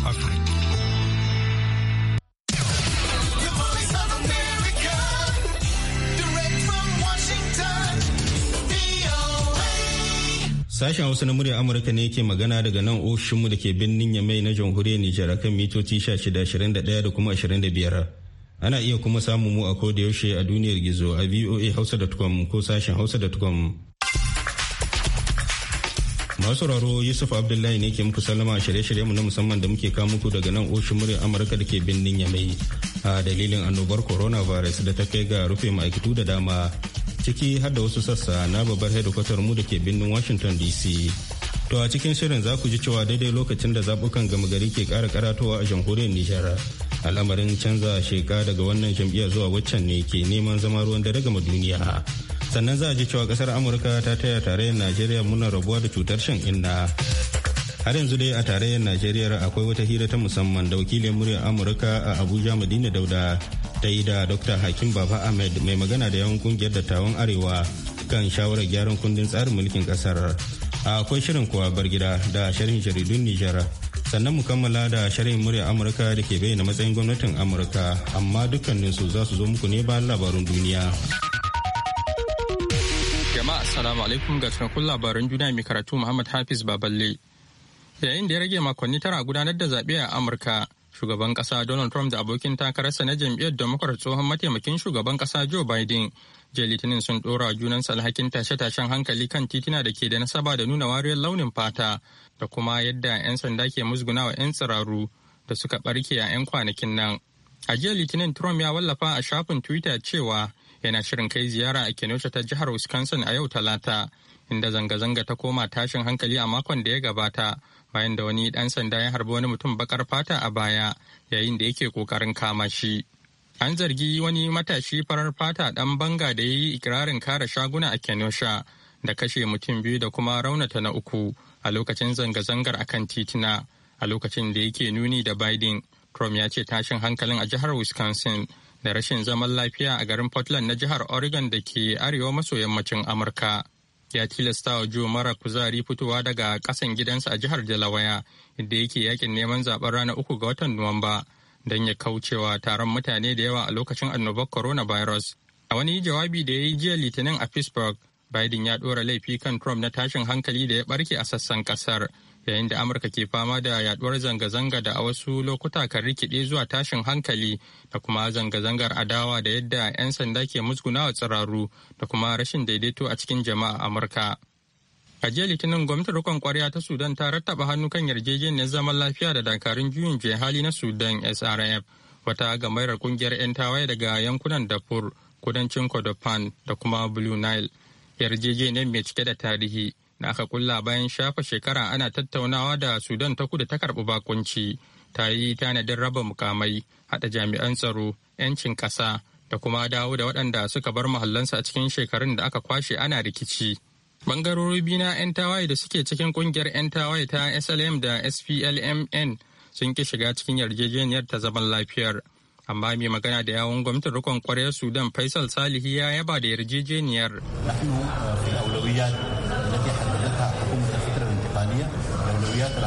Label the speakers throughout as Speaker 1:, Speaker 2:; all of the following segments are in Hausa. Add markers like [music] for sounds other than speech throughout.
Speaker 1: Okay. Sashen Hausa na murya Amurka ne ke magana daga nan ofishinmu da ke birnin Yamai na jamhuriyar Nijar kan mitoci 1621 da kuma 25. Ana iya kuma samun mu a koda yaushe a duniyar gizo a voahausa.com ko sashen hausa.com sauraro yusuf abdullahi ne ke muku sallama a shirye-shirye mu na musamman da muke kawo muku daga nan oshin murya amurka da ke birnin yamai a dalilin annobar coronavirus da ta kai ga rufe ma'aikatu da dama ciki har da wasu sassa na babbar hedikwatar mu da ke birnin washington dc to a cikin shirin za ku ji cewa daidai lokacin da zabukan gama gari ke kara karatowa a jamhuriyar nijar al'amarin canza sheka daga wannan jam'iyyar zuwa waccan ne ke neman zama ruwan dare gama duniya sannan za a ji cewa kasar amurka ta taya tarayyar najeriya muna rabuwa da cutar shan inna har yanzu dai a tarayyar najeriya akwai wata hira ta musamman da wakilin muryar amurka a abuja madina dauda ta yi da dr hakim baba ahmed mai magana da yawan kungiyar dattawan arewa kan shawarar gyaran kundin tsarin mulkin kasar akwai shirin kuwa bar gida da shirin jaridun nijar sannan mu kammala da shirin murya amurka da ke bayyana matsayin gwamnatin amurka amma dukkaninsu za su zo muku ne bayan labarun duniya
Speaker 2: Assalamu alaikum ga cikakkun labaran duniya mai karatu Muhammad Hafiz Baballe. Yayin da ya rage makonni tara gudanar da zaɓe a Amurka, shugaban ƙasa Donald Trump da abokin takararsa na jam'iyyar Democrat tsohon mataimakin shugaban ƙasa Joe Biden, jiya Litinin sun ɗora sa alhakin tashe-tashen hankali kan titina da ke da nasaba da nuna wariyar launin fata da kuma yadda 'yan sanda ke musgunawa 'yan tsiraru da suka ɓarke a 'yan kwanakin nan. A jiya Litinin Trump ya wallafa a shafin Twitter cewa yana shirin kai ziyara a kenosha ta jihar wisconsin a yau talata inda zanga-zanga ta koma tashin hankali a makon da ya gabata bayan da wani dan sanda ya harbi wani mutum bakar fata a baya yayin da yake kokarin kama shi an zargi wani matashi farar fata dan banga da ya yi ikirarin kare shaguna a kenosha da kashe mutum biyu da kuma raunata na uku a lokacin zanga-zangar akan titina a lokacin da yake nuni da biden trump ya ce tashin hankalin a jihar wisconsin da rashin zaman lafiya a garin Portland na jihar Oregon da ke arewa maso yammacin Amurka. Ya tilasta wa Joe mara kuzari fitowa daga kasan gidansa a jihar Delaware inda yake yakin neman zaɓen ranar uku ga watan Nuwamba don ya kaucewa taron mutane da yawa a lokacin annobar coronavirus. A wani jawabi da ya yi jiya Litinin a Pittsburgh, Biden ya ɗora laifi kan Trump na tashin hankali da ya ɓarke a sassan ƙasar. yayin da amurka ke fama da yaduwar zanga-zanga da a wasu lokuta kan rikide zuwa tashin hankali da kuma zanga-zangar adawa da yadda 'yan sanda ke musgunawa tsiraru da kuma rashin daidaito a cikin jama'a amurka a jiya litinin gwamnatin rikon kwarya ta sudan ta rattaba hannu kan yarjejeniyar zaman lafiya da dakarun juyin juya hali na sudan srf wata gamayar kungiyar 'yan tawaye daga yankunan dafur kudancin kodofan da kuma blue nile yarjejeniyar mai cike da tarihi da aka kulla bayan shafa shekara ana tattaunawa da sudan ta kudu ta karɓi bakunci ta yi tanadin raba mukamai hada jami'an tsaro 'yancin ƙasa da kuma dawo da waɗanda suka bar mahallansu a cikin shekarun da aka kwashe ana rikici bangarori biyu na 'yan tawaye da suke cikin ƙungiyar 'yan tawaye ta slm da splmn sun ki shiga cikin yarjejeniyar ta zaman lafiyar amma mai magana da yawon gwamnatin rikon kwarar sudan faisal salihi ya yaba da yarjejeniyar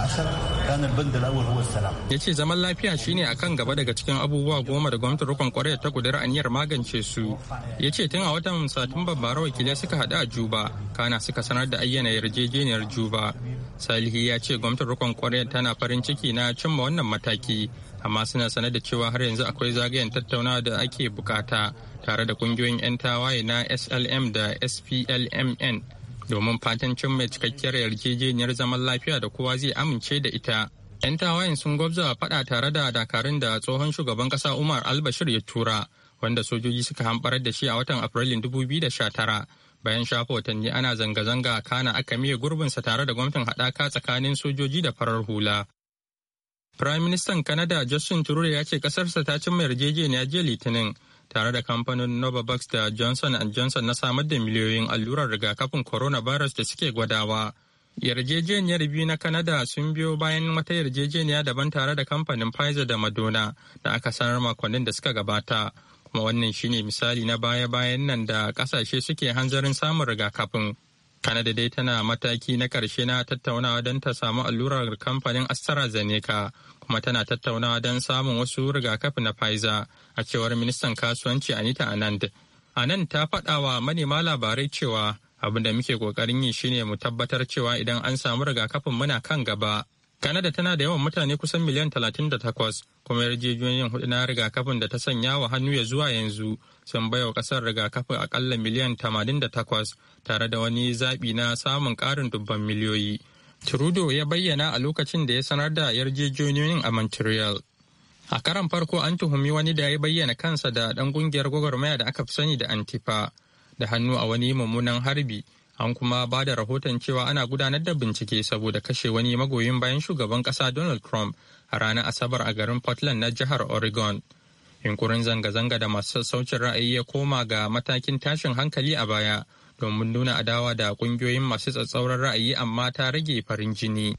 Speaker 3: lawar ruwan salam.
Speaker 2: Ya yace zaman lafiya shine akan gaba daga cikin abubuwa goma da gwamnatin rukun koriya ta kudura aniyar magance su yace tun a watan satumba bara wakilai suka haɗu a juba kana suka sanar da ayyana yarjejeniyar juba salihi ya ce gwamnatin rukun koriya tana farin ciki na cimma wannan mataki amma suna sanar da cewa har yanzu akwai zagayen tattaunawa da ake bukata tare da kungiyoyin 'yan tawaye na slm da splmn domin fatan cimma mai cikakkiyar yarjejeniyar zaman lafiya da kowa zai amince da ita. 'Yan tawayen sun gwabza faɗa tare da dakarun da tsohon shugaban ƙasa Umar Albashir ya tura, wanda sojoji suka hamɓarar da shi a watan Afrilun 2019. Bayan shafa watanni ana zanga-zanga kana aka miye gurbinsa tare da gwamnatin haɗaka tsakanin sojoji da farar hula. firayim Ministan kanada Justin Trudeau ya ce ƙasarsa ta cimma yarjejeniya jiya Litinin tare da kamfanin Novavax da Johnson Johnson na samar da miliyoyin allurar rigakafin coronavirus da suke gwadawa. Yarjejeniyar biyu na kanada sun biyo bayan wata yarjejeniya daban tare da kamfanin Pfizer da Madonna da aka sanar makonnin da suka gabata. Kuma wannan shine misali na baya-bayan nan da kasashe suke hanzarin samun rigakafin. Kanada dai tana mataki na ƙarshe na tattaunawa don ta samu allurar kamfanin AstraZeneca kuma tana tattaunawa don samun wasu rigakafi na Pfizer a cewar ministan kasuwanci Anita Anand. Anand ta faɗa wa manema labarai cewa abin da muke ƙoƙarin yi shine mu tabbatar cewa idan an samu rigakafin muna kan gaba. Kanada tana da yawan mutane kusan miliyan 38 kuma yarjejeniyoyin hudu na rigakafin da ta sanya wa hannu ya zuwa yanzu sun baiwa kasar rigakafi akalla miliyan 88 tare da wani zaɓi na samun ƙarin dubban miliyoyi. Trudeau ya bayyana a lokacin da ya sanar da yarjejeniyoyin a Montreal. A karan farko an tuhumi wani da ya bayyana kansa da ɗan ƙungiyar gwagwarmaya da aka fi sani da Antifa da hannu a wani mummunan harbi an kuma ba da rahoton cewa ana gudanar da bincike saboda kashe wani magoyin bayan shugaban ƙasa Donald Trump a ranar Asabar a garin Portland na jihar Oregon. Yunkurin zanga-zanga da masu sassaucin ra'ayi ya koma ga matakin tashin hankali a baya domin nuna adawa da kungiyoyin masu tsatsauran ra'ayi amma ta rage farin jini.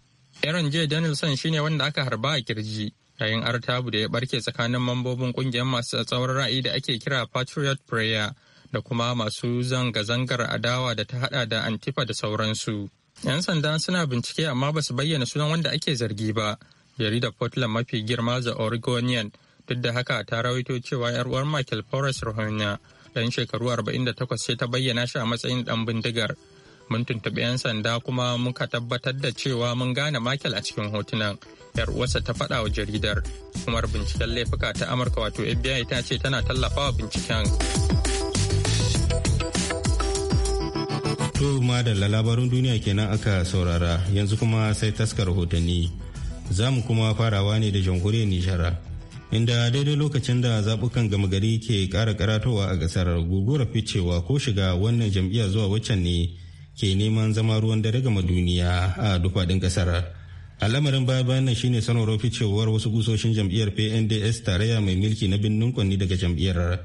Speaker 2: Aaron J. Danielson shine wanda aka harba a kirji yayin artabu da ya barke tsakanin mambobin kungiyar masu tsatsauran ra'ayi da ake kira Patriot Prayer da kuma masu zanga-zangar adawa da ta hada da Antifa da sauransu. 'Yan sanda suna bincike amma ba su bayyana sunan wanda ake zargi ba. Jaridar Portland mafi girma The Oregonian duk da haka ta rawaito cewa yar uwar michael forrest rohanya dan shekaru 48 sai ta bayyana shi a matsayin dan bindigar mun tuntuɓi 'yan sanda kuma muka tabbatar da cewa mun gane michael a cikin hotunan yar uwarsa ta faɗa wa jaridar kumar binciken laifuka ta amurka wato fbi ta ce tana tallafawa binciken
Speaker 1: to da labarin duniya kenan aka saurara yanzu kuma sai taskar rahotanni za kuma farawa ne da jamhuriyar nishara inda daidai lokacin da zaɓukan gama gari ke kara karatowa a ƙasar guguwar ficewa ko shiga wannan jam'iyya zuwa waccan ne ke neman zama ruwan dare gama duniya a faɗin ƙasar al'amarin baya bayan nan shine sanarwar ficewar wasu gusoshin jam'iyyar pnds tarayya mai milki na birnin kwanni daga jam'iyyar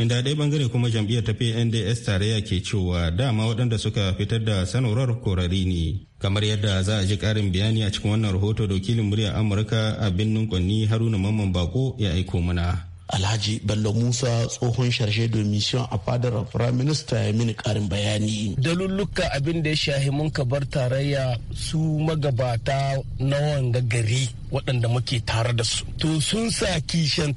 Speaker 1: inda ɗaya bangare kuma jam'iyyar ta pnds tarayya ke cewa dama waɗanda suka fitar da sanarwar korari ne kamar yadda za a ji ƙarin bayani a cikin wannan rahoto da wakilin murya amurka a birnin kwanni haruna mamman bako ya aiko mana alhaji bello musa tsohon sharshe
Speaker 4: domin a fadar prime minister ya mini karin bayani dalulluka abin da ya shahi mun bar tarayya su magabata na wanga gari waɗanda muke tare da su to sun sa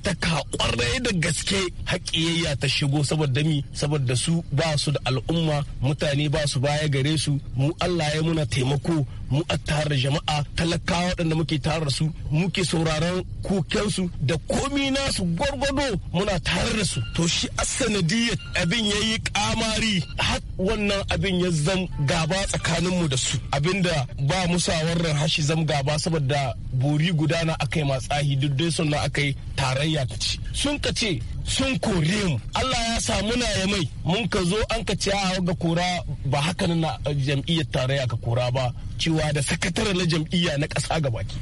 Speaker 4: ta kwarai da gaske haƙiyayya ta shigo saboda mi saboda su ba su da al'umma mutane ba su baya gare su mu allah ya muna taimako mu a tare jama'a talakawa waɗanda muke tare su muke sauraron kukensu da komi nasu gwargwado muna tare da su to shi asanadiyar abin ya yi kamari har wannan abin ya zam gaba tsakaninmu da su abinda ba musawarar hashi zam gaba saboda bori gudana aka yi matsahi duk dai sannan aka yi tarayya ta ci sun ka ce sun kore mu Allah ya samu naya ya mai mun ka zo an ka ce a ga kora ba haka na jam'iyyar tarayya ka kora ba cewa da sakatare na jam'iyya na ƙasa gaba ki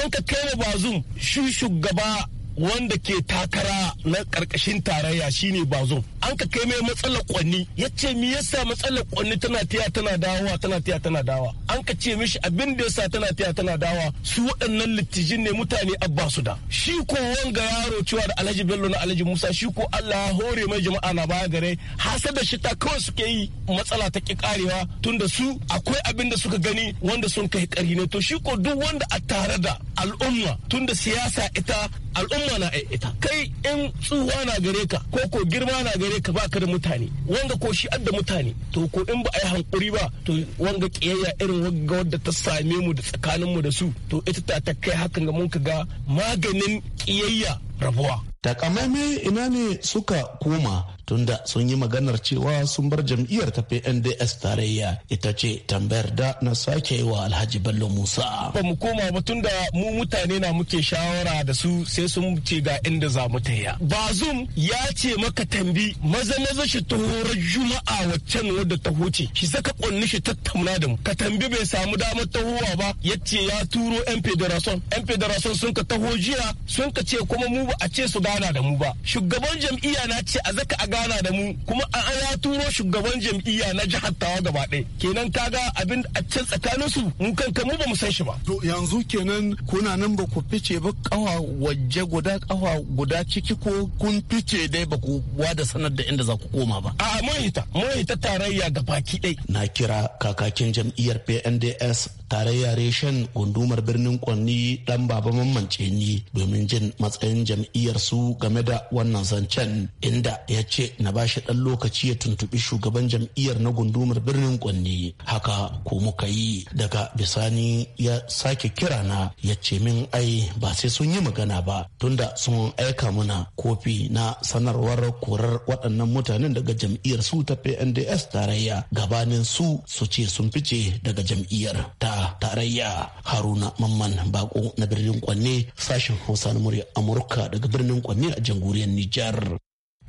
Speaker 4: an ka kai bazum shi shugaba wanda ke takara na karkashin tarayya shine bazo an ka kai mai matsalar kwanni ya ce me yasa matsalar kwanni tana tiya tana dawowa tana tiya tana dawa an ka ce mishi abin da sa tana tiya tana dawa su waɗannan littijin ne mutane abba su da shi ko wanga yaro cewa da alhaji bello na alhaji musa shi ko allah ya hore mai jama'a na baya gare hasa da shi ta kawai suke yi matsala ta ki karewa tunda su akwai abin da suka gani wanda sun kai kari ne to shi ko duk wanda a tare da al'umma tunda siyasa ita al'umma na ita kai in tsuwa na gare ka ko ko girma na gare ka baka da mutane wanga ko shi adda mutane to ko in ba a yi hankuri ba to wanga kiyayya irin wanga wadda ta same mu da tsakanin mu da su to ita ta ta kai hakan ga mun ka ga maganin kiyayya rabuwa takamaimai ina ne suka koma tunda sun yi maganar cewa sun bar jam'iyyar ta PNDS tarayya ita ce tambayar da na sake wa Alhaji Bello Musa. Ba mu koma ba tunda mu mutane na muke shawara da su sai sun ce ga inda za mu taya. Bazum ya ce maka tambi maza maza shi ta horar juma'a waccan wadda ta huce shi saka kunni shi tattauna da mu. Ka tambi bai samu damar tahowa ba ya ce ya turo 'yan federation. 'Yan federation sun ka taho jiya sun ka ce kuma mu ba a ce su ga gana da mu ba shugaban jam'iyya na ce a zaka a gana da mu kuma a ya turo shugaban jam'iyya na jihar tawa gaba ɗaya kenan kaga abin a can tsakanin su mu kanka mu ba mu san shi ba to yanzu kenan kuna nan ba ku fice ba kawa waje guda kawa guda ciki ko kun fice dai ba ku wada sanar da inda za ku koma ba a'a mun hita mun hita tarayya ga baki ɗai. na kira kakakin jam'iyyar PNDS tarayya reshen gundumar birnin Kwanni dan baba mamance ni domin jin matsayin jam'iyyar su game da wannan zancen inda ya ce na bashi ɗan lokaci ya tuntuɓi shugaban jam'iyyar na gundumar birnin kwanne haka ko muka yi daga bisani ya sake kira na ya ce min ai ba sai sun yi magana ba tunda sun aika muna kofi na sanarwar korar waɗannan mutanen daga jam'iyyar su ta PNDS tarayya gabanin su su ce sun fice daga jam'iyyar ta tarayya Haruna Mamman Bako na birnin Kwanne
Speaker 1: sashen Hausa na murya Amurka daga birnin sakonni a jamhuriyar Nijar.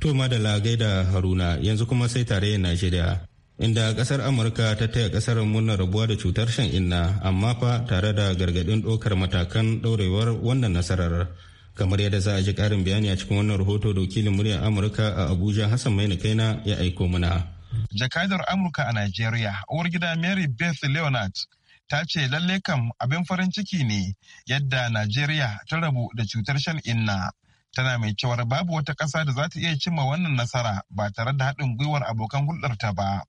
Speaker 1: To madala gaida Haruna yanzu kuma sai tarayyar Najeriya inda kasar Amurka ta taya kasar murnar rabuwa da cutar shan inna amma fa tare da gargadin ɗaukar matakan ɗaurewar wannan nasarar. Kamar yadda za a ji ƙarin bayani a cikin wannan rahoto da wakilin muryar Amurka a Abuja Hassan Maina Kaina ya aiko mana.
Speaker 5: Jakadar Amurka a Najeriya, uwar gida Mary Beth Leonard ta ce lalle kam abin farin ciki ne yadda Najeriya ta rabu da cutar shan inna tana mai cewar babu wata ƙasa da za ta iya cimma wannan nasara ba tare da haɗin gwiwar abokan hulɗarta ba.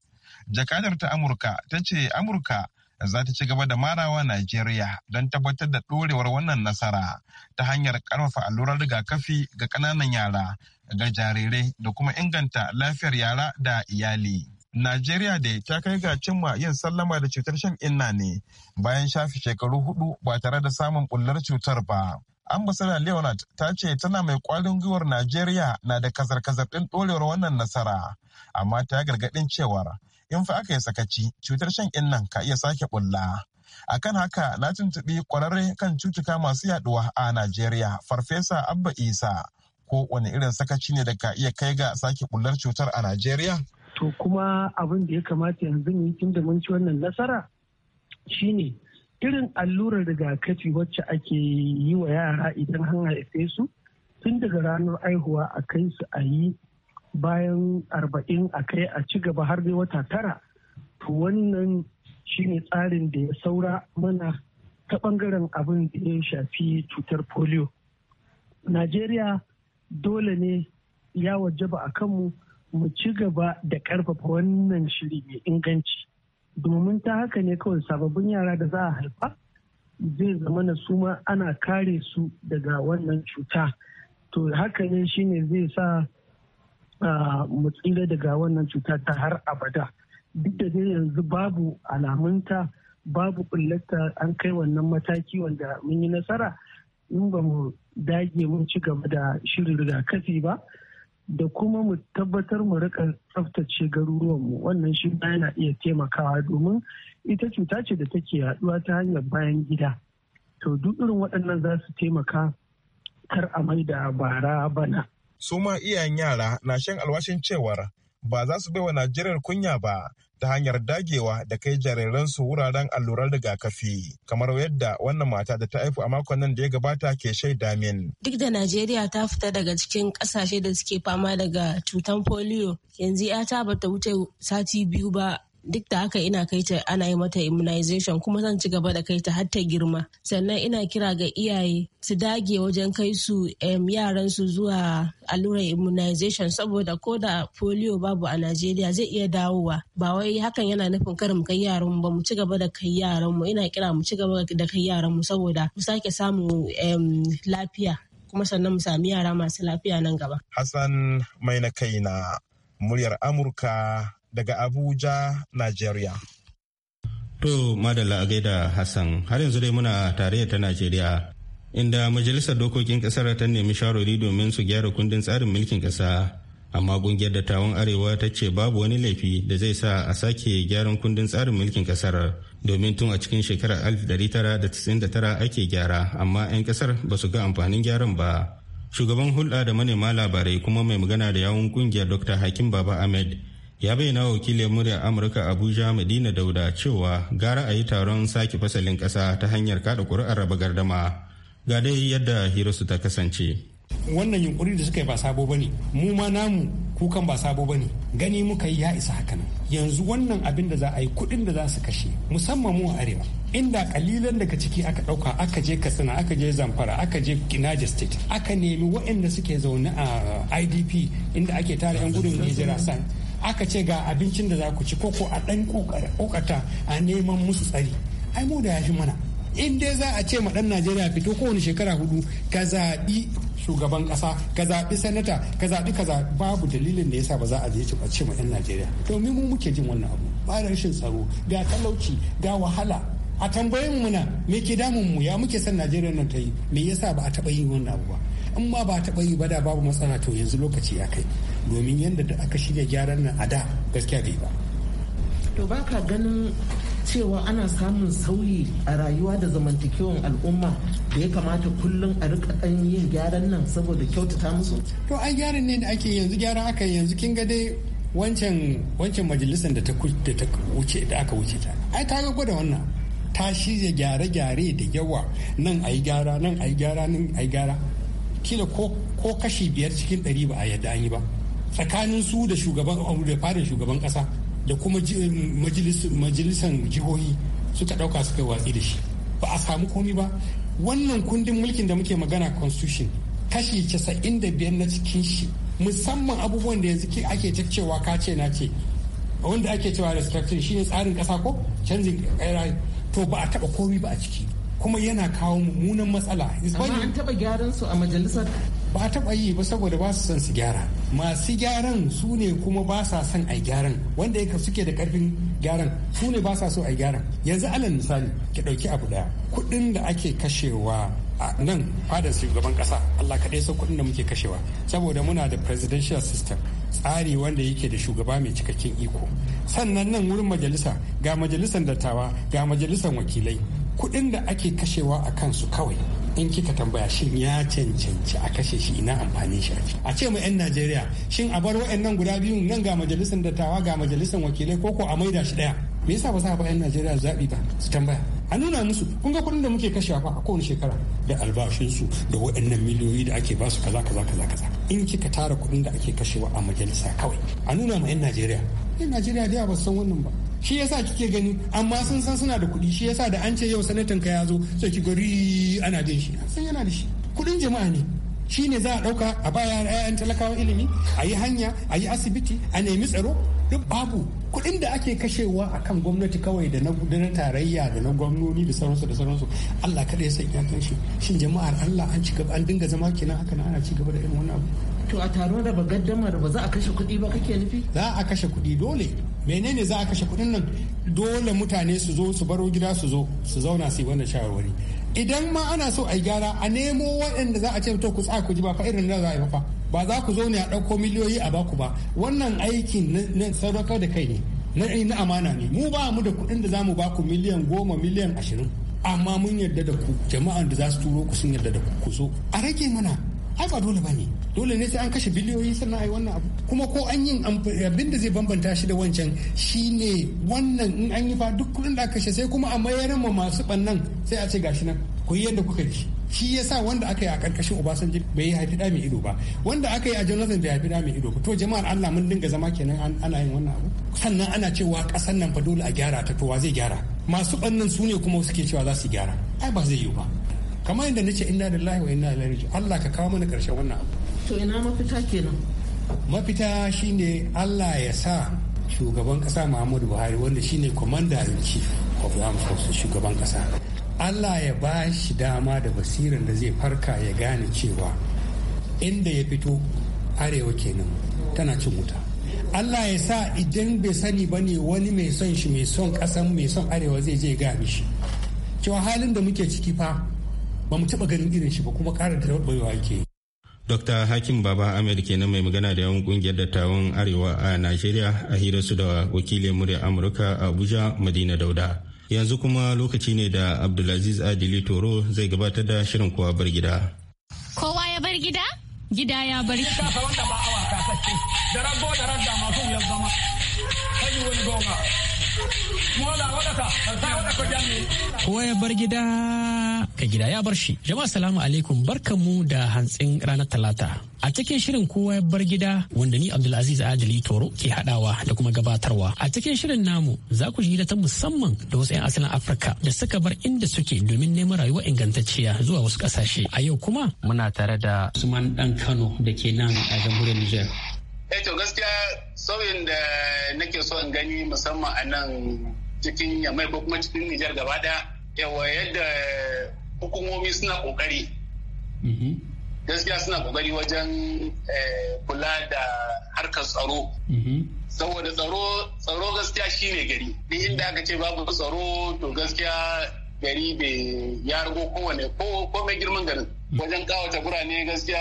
Speaker 5: Jakadar ta Amurka ta ce Amurka za ta ci gaba da marawa Najeriya don tabbatar da ɗorewar wannan nasara ta hanyar ƙarfafa allurar rigakafi ga ƙananan yara, ga jarirai da kuma inganta lafiyar yara da iyali. Najeriya dai ta kai ga cimma yin sallama da cutar shan inna ne bayan shafe shekaru hudu ba tare da samun bullar cutar ba. ambasada leonard ta ce tana mai kwalin gwiwar najeriya na da kazar-kazar ɗin ɗorewar wannan nasara amma ta gargadin cewar in fa aka yi sakaci cutar shan innan ka iya sake bulla akan haka na tuntuɓi kwararre kan cutuka masu yaduwa a najeriya farfesa abba isa ko wani irin sakaci ne da ka iya kai ga sake bullar
Speaker 6: cutar a najeriya to kuma abin da ya kamata yanzu ne tun da mun ci wannan nasara shine irin allurar rigakafi wacce ake yi wa yara idan an haife su tun daga ranar aihuwa a kai su a yi bayan arba'in a kai a ci gaba har dai wata tara to wannan shine tsarin da ya saura mana ta bangaren abin da ya shafi cutar polio najeriya dole ne ya wajaba a kanmu mu ci gaba da karfafa wannan shiri mai inganci domin ta haka ne kawai sababbin yara da za a haifa zai zama na suma ana kare su daga wannan cuta to haka ne shine zai sa mu tsira daga wannan cuta ta har abada duk da dai yanzu babu alamunta babu kullata an kai wannan mataki wanda mun yi nasara in ba mu dage mun ci gaba da shirin rigakafi ba da kuma mu tabbatar mu rika tsaftace garuruwanmu wannan shi ba yana iya taimakawa domin ita cuta ce da take yaduwa ta hanyar bayan gida to duk irin waɗannan za su taimaka kar a mai da bara bana
Speaker 5: su ma iyayen yara na shan alwashin cewar ba za su baiwa Najeriya kunya ba ta hanyar dagewa da kai jariransu wuraren allurar rigakafi kamar yadda wannan mata da ta haifu a makon nan da ya gabata ke shaida min.
Speaker 7: Duk da Najeriya ta fita daga cikin kasashe da suke fama daga cutan polio yanzu 'yata bata wuce sati biyu ba duk da haka ina kai ta ana yi mata immunization kuma zan ci gaba da kai ta har ta girma sannan ina kira ga iyaye su dage wajen kai su yaran su zuwa allurar immunization saboda ko da polio babu a Najeriya zai iya dawowa ba wai hakan yana nufin kar mu kai yaran mu ba mu ci gaba da kai yaran mu ina kira mu ci gaba da kai yaran mu saboda mu sake samu lafiya kuma sannan mu sami yara masu lafiya nan gaba.
Speaker 5: Hassan mai na kaina muryar Amurka daga Abuja, Najeriya.
Speaker 1: To, Madalla a gaida Hassan, har yanzu dai muna tare ta Najeriya, inda Majalisar Dokokin Ƙasar ta nemi shawarwari domin su gyara kundin tsarin mulkin ƙasa. Amma ƙungiyar dattawan Arewa ta ce babu wani laifi da zai sa a sake gyaran kundin tsarin mulkin ƙasar domin tun a cikin shekarar 1999 ake gyara, amma 'yan ƙasar ba su ga amfanin gyaran ba. Shugaban hulɗa da manema labarai kuma mai magana da yawun ƙungiyar Dr. Hakim Baba Ahmed ya bayyana wakilin muryar amurka abuja madina dauda cewa gara a yi taron sake fasalin kasa ta hanyar kada kuri'ar raba gardama ga dai yadda hirarsu ta kasance
Speaker 8: wannan yunkuri da suka yi ba sabo bane mu ma namu kukan ba sabo bane gani muka yi ya isa haka nan yanzu wannan abin da za a yi kudin da za su kashe musamman mu a arewa inda kalilan daga ciki aka dauka aka je katsina aka je zamfara aka je kinaja state aka nemi waɗanda suke zaune a idp inda ake tara yan gudun hijira san aka ce ga abincin da za ku ci koko a ɗan kokata a neman musu tsari ai mu da ya fi mana in dai za a ce ma ɗan najeriya fito kowane shekara hudu ka zaɓi shugaban ƙasa ka zaɓi sanata ka zaɓi kaza babu dalilin da yasa ba za a je ci ce ma ɗan najeriya domin mu muke jin wannan abu ba rashin tsaro ga talauci ga wahala a tambayin muna me ke damun mu ya muke san najeriya nan ta yi me yasa ba a taɓa yin wannan abu ba in ma ba a taɓa yi ba da babu matsala to yanzu lokaci ya kai domin yadda da aka shirya gyaran nan a da gaskiya bai ba
Speaker 6: to ba ka ganin cewa
Speaker 4: ana samun sauyi a rayuwa da zamantakewan al'umma da ya kamata kullum a rika
Speaker 8: ɗan yin gyaran nan saboda kyautata musu to ai gyaran ne da ake yanzu gyara aka yanzu kin ga dai wancan wancan majalisar da ta wuce da aka wuce ta ai ta ga gwada wannan ta shirya gyare-gyare da yawa nan a yi gyara nan a yi gyara nan a yi gyara kila ko kashi biyar cikin ɗari ba a yadda an yi ba tsakanin su da shugaban da fadin shugaban kasa da kuma majalisan jihohi suka dauka suka watsi da shi ba a samu komi ba wannan kundin mulkin da muke magana constitution kashi 95 na cikin shi musamman abubuwan da yanzu ake ta cewa ka ce na ce wanda ake cewa restructuring shine tsarin kasa ko canjin kairai to ba a taba komi ba a ciki kuma yana kawo mummunan matsala amma an taba gyaran su a majalisar ba a taba yi ba saboda ba su san su gyara masu gyaran su ne kuma ba sa son a gyaran wanda ya suke da karfin gyaran su ne ba sa so a gyaran yanzu alal misali ki ɗauki abu daya kuɗin da ake kashewa a nan fadar shugaban kasa Allah kaɗai san kuɗin da muke kashewa saboda muna da presidential system tsari wanda yake da shugaba mai cikakken iko sannan nan wurin majalisa ga majalisan dattawa ga majalisan wakilai kuɗin da ake kashewa a kansu kawai in kika tambaya shin ya cancanci a kashe shi ina amfani shi a ce mu yan najeriya shin a bar nan guda biyu nan ga majalisar dattawa ga majalisar wakilai ko ko a maida shi daya me yasa ba za a ba yan najeriya zaɓi ba su tambaya a nuna musu kun ga kuɗin da muke kashewa fa a kowane shekara da albashinsu da nan miliyoyi da ake basu kaza kaza kaza kaza in kika tara kuɗin da ake kashewa a majalisa kawai a nuna ma yan najeriya yan najeriya da ba su san wannan ba shi yasa kike gani amma sun san suna da kuɗi shi yasa da an ce yau sanatan ka ya zo sai ki gari ana jin shi san yana da shi kuɗin jama'a ne shi ne za a ɗauka a baya 'ya'yan talakawan ilimi a yi hanya a yi asibiti a nemi tsaro duk babu kuɗin da ake kashewa a kan gwamnati kawai da na tarayya da na gwamnoni da sauransu da sauransu Allah kada ya san kan shi shin jama'ar Allah an ci an dinga zama kenan haka na ana cigaba da irin wani abu to a taron raba gaddamar ba za a kashe kuɗi ba kake nufi za a kashe kuɗi dole menene za a kashe kuɗin nan dole mutane su zo su baro gida su zo su zauna su yi wannan shawarwari idan ma ana so a yi gyara a nemo waɗanda za a ce to ku tsaya ku ji ba fa irin da za a yi fa ba za ku zo ne a ɗauko miliyoyi a baku ba wannan aikin na sadaukar da kai ne na amana ne mu ba mu da kuɗin da zamu baku miliyan goma miliyan ashirin amma mun yarda da ku jama'an da za su turo ku sun yarda da ku ku zo a rage mana ai ba dole bane dole ne sai an kashe biliyoyi sannan ai wannan abu kuma ko an yin abin da zai bambanta shi da wancan shine wannan in an yi fa duk kudin da kashe sai kuma a mayar ma masu bannan sai a ce gashi nan ku yi yadda kuka ji shi yasa wanda aka yi a karkashin obasanji bai yi haifi mai ido ba wanda aka yi a Jonathan bai haifi da mai ido ba to jama'ar Allah mun dinga zama kenan ana yin wannan abu sannan ana cewa kasar nan fa dole a gyara ta to wa zai gyara masu bannan su ne kuma suke cewa za su gyara ai ba zai yiwu ba kamar yadda nace inna lillahi wa inna ilaihi raji'un Allah ka kawo mana karshen wannan abu to ina mafita kenan mafita shine Allah ya sa shugaban kasa Muhammadu Buhari wanda shine commander in chief of the armed forces shugaban kasa Allah ya ba shi dama da basiran da zai farka ya gane cewa inda ya fito arewa kenan tana cin wuta Allah ya sa idan bai sani ba ne wani mai son shi mai son kasan mai son arewa zai je gane shi cewa halin da muke ciki fa ba mu taba ganin irin shi ba kuma ƙara da rabayewa yake
Speaker 1: Dr. Hakim Baba Ahmed kenan mai magana da yawan kungiyar dattawan Arewa a Najeriya a su da wakilin murya Amurka a Abuja Madina Dauda. Yanzu kuma lokaci ne da Abdulaziz Adili Toro zai gabatar da shirin kowa bar gida.
Speaker 7: Kowa ya bar gida? Gida ya bar gida.
Speaker 9: Kowa ya bar gida ga ka gida ya bar shi. Jama'a salamu alaikum mu da hantsin ranar talata. A cikin shirin kowa ya bar gida wanda ni Abdulaziz Adali Toro ke hadawa da kuma gabatarwa. A cikin shirin namu za ku ji ta musamman da wasu 'yan asalin Afirka da suka bar inda suke domin neman rayuwa ingantacciya zuwa wasu kasashe. A yau kuma muna tare da Usman Dan Kano da ke nan a jamhuriyar Nijar.
Speaker 3: Eh to gaskiya sauyin da nake so in gani musamman a nan cikin yamai ko kuma cikin Nijar gaba daya yawa yadda hukumomi suna kokari mhm. gaskiya suna kokari wajen eh, kula da harkar tsaro mhm. saboda tsaro gaskiya shine gari ni inda aka ce babu tsaro to gaskiya gari bai ya rigo kowane ko mai girman garin mhm. wajen kawata birane gaskiya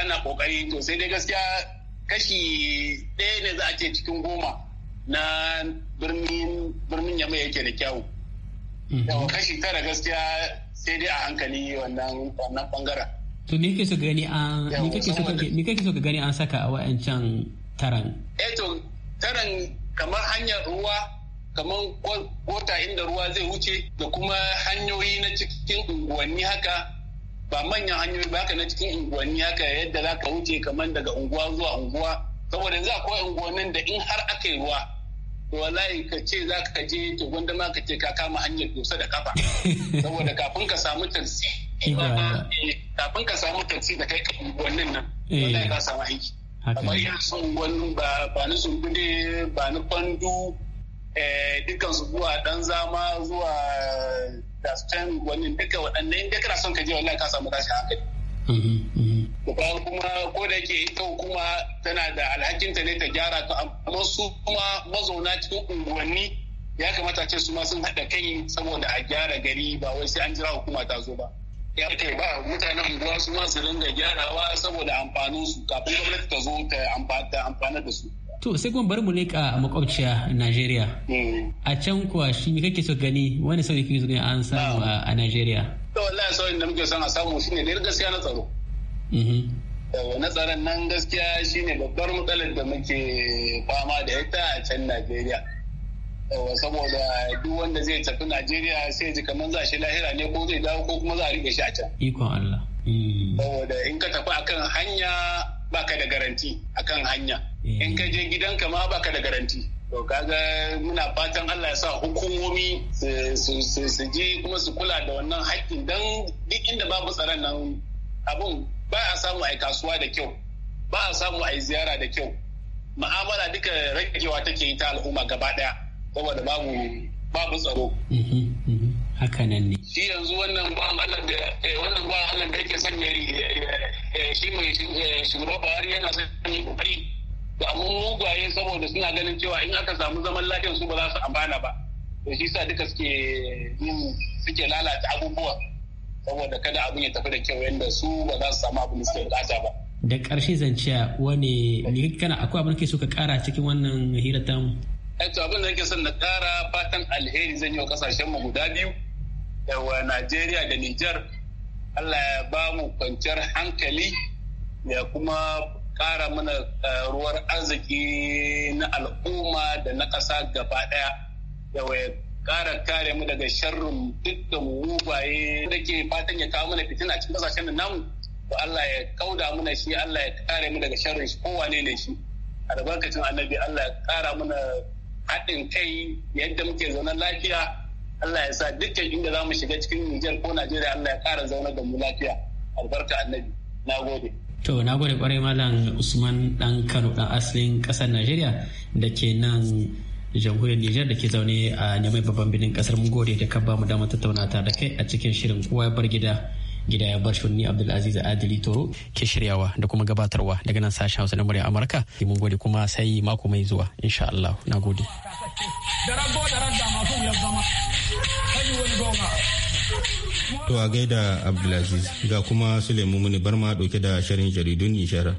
Speaker 3: ana kokari to sai dai gaskiya kashi ɗaya ne za a ce cikin goma na birnin yamma yake da kyawu Mhm. Yawa kashi tara gaskiya sai dai a hankali wannan wannan bangaren.
Speaker 9: To me so ka gani an saka a wayancan taran?
Speaker 3: Eh to taran kamar hanyar ruwa kamar kota inda ruwa zai wuce da kuma hanyoyi na cikin unguwanni haka ba manyan hanyoyi ba haka na cikin unguwanni haka yadda za ka wuce kamar daga unguwa zuwa unguwa saboda yanzu akwai unguwannin da in har aka yi ruwa wallahi ka ce za ka je to wanda ma ka ce ka kama hanyar dosa da kafa saboda kafin ka samu tansi [laughs] eh, kafin ka samu tansi da kai wannan nan eh. wallahi ka samu aiki amma ya son wani ba ni sungude ba ni kwandu eh, dukkan su zuwa dan zama zuwa dastan wannan duka waɗannan ka na son ka je wallahi ka samu tashi hankali
Speaker 1: mhm, mhm. bayan kuma ko da yake ita hukuma tana da alhakinta ne ta
Speaker 3: gyara ta amma su kuma mazauna cikin unguwanni ya kamata ce su ma sun haɗa kai saboda a gyara gari ba wai sai an jira hukuma ta zo ba ya ke ba mutanen unguwa su ma su ringa gyarawa saboda amfanin su kafin gwamnati ta zo ta amfana da su
Speaker 9: to sai kuma bari mu ne ka makwabciya Najeriya hmm. a can kuwa shi kake so gani wani sauyi kake so gani an samu a Najeriya
Speaker 3: to wallahi sauyin da muke son a samu shine da gaskiya na tsaro
Speaker 9: Mm-hmm.
Speaker 3: na tsaron nan gaskiya shine babbar matsalar da muke fama da ita a can najeriya saboda duk wanda zai tafi najeriya sai ji kamar za shi lahira ne ko zai dawo ko kuma za a rike shi a can
Speaker 9: ikon allah mm-hmm.
Speaker 3: saboda in ka tafi akan hanya baka da garanti akan hanya mm-hmm. in ka je gidanka ma baka da garanti to kaga muna fatan Allah ya sa hukumomi su je kuma su kula da wannan haƙƙin don duk inda babu tsaron nan abun ba a samu a yi kasuwa da kyau ba a samu a yi ziyara da kyau ma'amala duka ragewa take yi ta al'umma gaba daya saboda babu babu tsaro mhm, mhm. hakanan ne shi yanzu wannan ba Allah da eh, wannan ba da yake son eh, shi mai eh, shugaba Buhari yana son yi kokari da amma mugaye saboda suna ganin cewa in aka samu zaman lafiyar su ba za su amfana ba to shi sa duka suke suke lalata abubuwa saboda kada abin ya tafi da kyau yadda su
Speaker 9: ba za su samu abin da suke bukata ba da ƙarshe zanciya wani ne kana akwai abin ke so ka ƙara cikin wannan hira tamu
Speaker 3: eh, to abin da nake son na kara fatan alheri zan yi wa kasashen mu guda biyu da Najeriya da Nijar Allah ya ba mu kwanciyar hankali ya kuma ƙara mana eh, ruwar arziki na al'umma da na ƙasa gaba ɗaya da kara kare mu daga sharrin dukkan mugaye da ke fatan ya kawo mana fitina cikin kasashen namu to Allah ya kauda mana shi Allah ya kare mu daga sharrin shi kowane ne shi albarkacin annabi Allah ya kara mana haɗin kai yadda muke zaune lafiya Allah ya sa dukkan inda za mu shiga cikin Nijar ko Najeriya Allah ya kara zaune da mu lafiya albarka
Speaker 9: annabi na gode To na gode kwarai malam Usman dan Kano dan asalin kasar Najeriya da ke nan jamhuriyar Nijar da ke zaune a neman babban birnin kasar mun gode da kan bamu damar tattauna ta da kai a cikin shirin kowa ya bar gida gida ya bar shunni Abdulaziz Adili Toro ke shiryawa da kuma gabatarwa daga nan sashen Hausa na murya Amurka mun gode kuma sai mako mai zuwa insha Allah na gode
Speaker 1: To a gaida Abdulaziz ga kuma Suleiman Muni Barma dauke da shirin jaridun nijar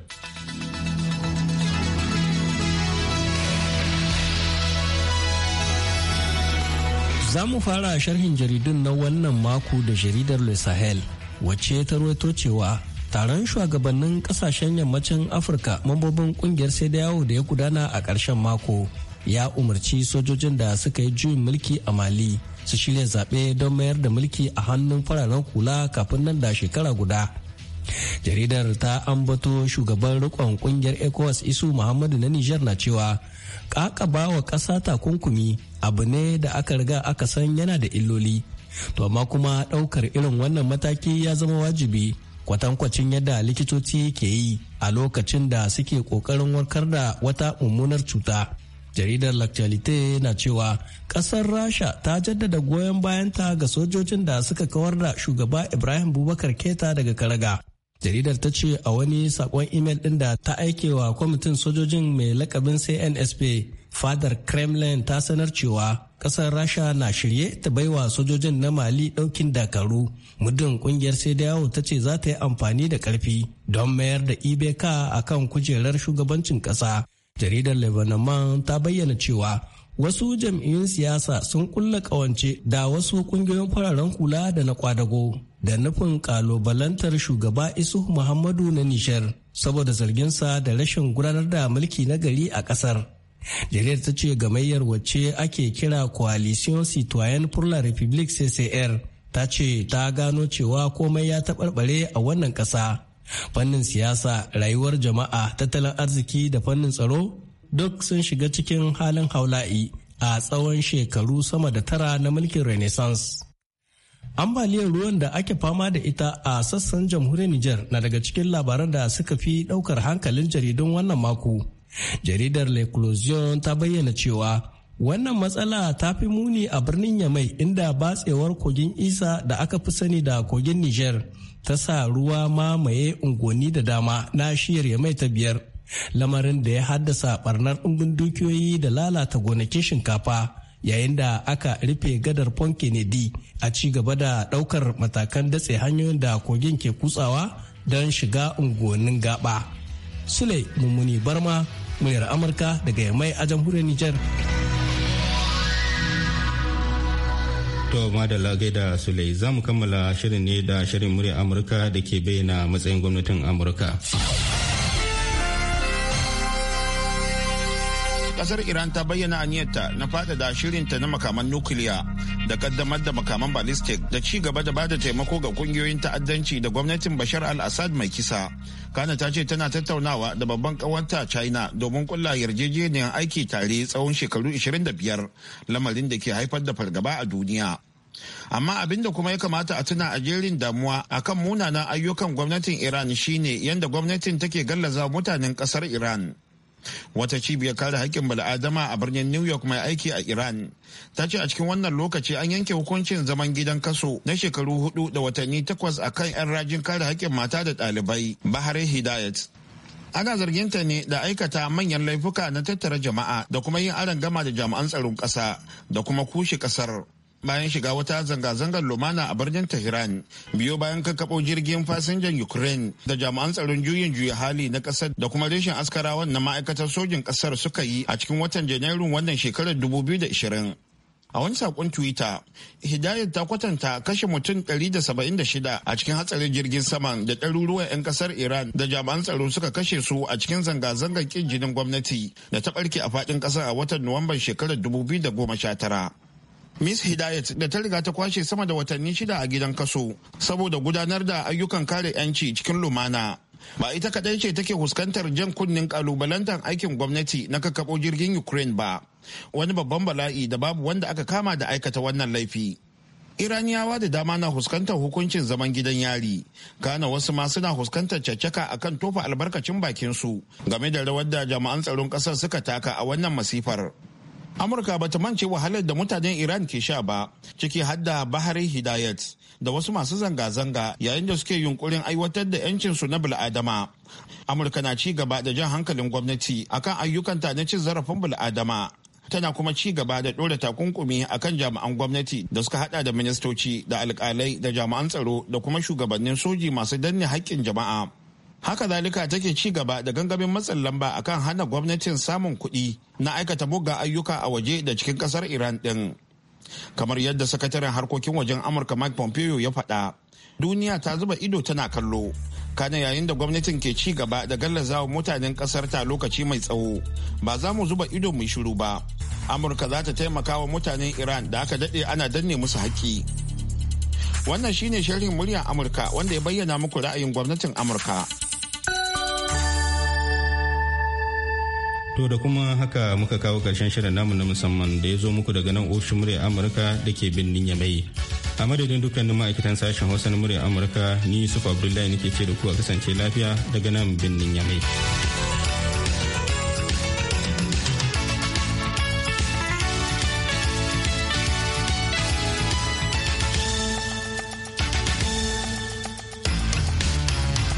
Speaker 7: Za mu fara sharhin jaridun na wannan mako da jaridar Le Sahel, wacce ta ruwaito cewa taron shugabannin kasashen yammacin Afirka mambobin kungiyar sai da yawo da ya gudana a ƙarshen mako ya umarci sojojin da suka yi juyin mulki a Mali su shirya zaɓe don mayar da mulki a hannun fararen kula kafin nan da shekara guda. jaridar ta ambato shugaban rikon kungiyar ecowas isu muhammadu na nijar na cewa wa ƙasa takunkumi abu ne da aka riga aka san yana da illoli to amma kuma ɗaukar irin wannan mataki ya zama wajibi kwatankwacin yadda likitoci ke yi a lokacin da suke ƙoƙarin warkar da wata mummunar cuta jaridar lactalite na cewa ƙasar rasha ta jaddada goyon bayanta ga sojojin da suka kawar da shugaba ibrahim bubakar keta daga karaga jaridar ta ce a wani sakon imel ɗin da ta aikewa kwamitin sojojin mai lakabin cnsp fadar kremlin ta sanar cewa kasar rasha na shirye ta baiwa sojojin na mali ɗaukin dakaru muddin kungiyar sai da yawo ta ce za ta yi amfani da karfi don mayar da ibeka a kan kujerar shugabancin ƙasa jaridar lebanon ta bayyana cewa wasu jam'iyyun siyasa sun kulla kawance da wasu kungiyoyin fararen kula da na kwadago da nufin ƙalubalantar shugaba isu muhammadu na nishar saboda zarginsa da rashin gudanar da mulki na gari a kasar jaridar ta ce gamayyar wacce ake kira coalition citoyen pour la ccr ta ce ta gano cewa komai ya taɓarɓare a wannan ƙasa fannin siyasa rayuwar jama'a tattalin arziki da fannin tsaro duk sun shiga cikin halin haula'i a tsawon shekaru sama da tara na mulkin renaissance ambaliyar ruwan da ake fama da ita a sassan jamhuriyar Nijar na daga cikin labaran da suka fi daukar hankalin jaridun wannan mako jaridar Closion ta bayyana cewa wannan matsala ta fi muni a birnin yamai inda batsewar kogin isa da aka fi sani da kogin Nijar. ta sa ruwa mamaye unguwanni da dama na shiyar yamai ta biyar lamarin da ya haddasa barnar ɗumbin dukiyoyi da lalata gonakin shinkafa yayin da aka rufe gadar pont a ci gaba da ɗaukar matakan datse hanyoyin da kogin ke kutsawa don shiga unguwannin gaba sule mummuni barma muryar amurka daga yamai a jamhuriyar niger
Speaker 1: To madalla gaida Sulai za mu kammala shirin ne da shirin muryar Amurka da ke bayyana matsayin
Speaker 10: gwamnatin Amurka. kasar iran ta bayyana aniyarta na fadada shirinta na makaman nukiliya da kaddamar da makaman ballistic da ci gaba da bada taimako ga kungiyoyin ta'addanci da gwamnatin bashar al-assad mai kisa kana ta ce tana tattaunawa da babban kawanta china domin kulla yarjejeniyar aiki tare tsawon shekaru 25 lamarin da ke haifar da fargaba a duniya amma abin da kuma ya kamata a tuna a jerin damuwa akan munanan ayyukan gwamnatin iran shine yadda gwamnatin take gallaza mutanen kasar iran wata cibiyar kare haƙƙin bal'adama a birnin new york mai aiki a iran ta ce a cikin wannan lokaci an yanke hukuncin zaman gidan kaso na shekaru hudu da watanni takwas a kan 'yan rajin kare haƙƙin mata da ɗalibai bahar hidayat ana zargin ta ne da aikata manyan laifuka na tattara jama'a da kuma yin aron gama da jami'an tsaron ƙasa da kuma kushe ƙasar bayan shiga wata zanga-zangar lumana a birnin tehran biyo bayan kakkaɓo jirgin fasinjan ukraine da jami'an tsaron juyin juya hali na ƙasar da kuma rashin askarawan na ma'aikatar sojin kasar suka yi a cikin watan janairun wannan shekarar 2020 a wani sakon twitter hidayat ta kwatanta kashe mutum 176 a cikin hatsarin jirgin saman da ɗaruruwan 'yan kasar iran da jami'an tsaro suka kashe su a cikin zanga-zangar ƙin jinin gwamnati da ta ɓarke a faɗin ƙasar a watan nuwamban shekarar 2019 Miss Hidayat da ta riga ta kwashe sama da watanni shida a gidan kaso saboda gudanar da ayyukan kare 'yanci cikin lumana. Ba ita kadai ce take fuskantar jan kunnin kalubalantar aikin gwamnati na kakkaɓo jirgin Ukraine ba. Wani babban bala'i da babu wanda aka kama da aikata wannan laifi. Iraniyawa da dama na fuskantar hukuncin zaman gidan yari, kana wasu ma suna fuskantar caccaka kan tofa albarkacin bakinsu game da rawar da jami'an tsaron ƙasar suka taka a wannan masifar. amurka ba ta mance wahalar da mutanen iran ke sha ba ciki hadda bahari hidayat da wasu masu zanga-zanga yayin da suke yunkurin aiwatar da 'yancinsu na bil'adama amurka na ci gaba da jan hankalin gwamnati akan ayyukan ta na cin zarafin bil'adama tana kuma ci gaba da ɗora takunkumi a kan jami'an gwamnati da suka hada da ministoci da alkalai da jami'an tsaro da kuma shugabannin soji masu danne haƙƙin jama'a haka zalika take ci gaba da gangamin matsin lamba akan hana gwamnatin samun kuɗi na aikata buga ayyuka a waje da cikin ƙasar iran ɗin kamar yadda sakataren harkokin wajen amurka mike pompeo ya faɗa duniya ta zuba ido tana kallo kana yayin da gwamnatin ke ci gaba da wa mutanen ƙasar ta lokaci mai tsawo ba za mu zuba ido mu shiru ba amurka za ta taimaka wa mutanen iran da aka daɗe ana danne musu haƙƙi wannan shine sharhin muryar amurka wanda ya bayyana muku ra'ayin gwamnatin amurka
Speaker 1: To da kuma haka muka kawo karshen shirin namu na musamman da ya zo muku daga nan ofishin murya Amurka da ke birnin Yamai. A madadin dukkanin ma'aikatan sashen Hausa na Amurka ni Yusuf Abdullahi nake ce da ku a kasance lafiya daga nan birnin Yamai.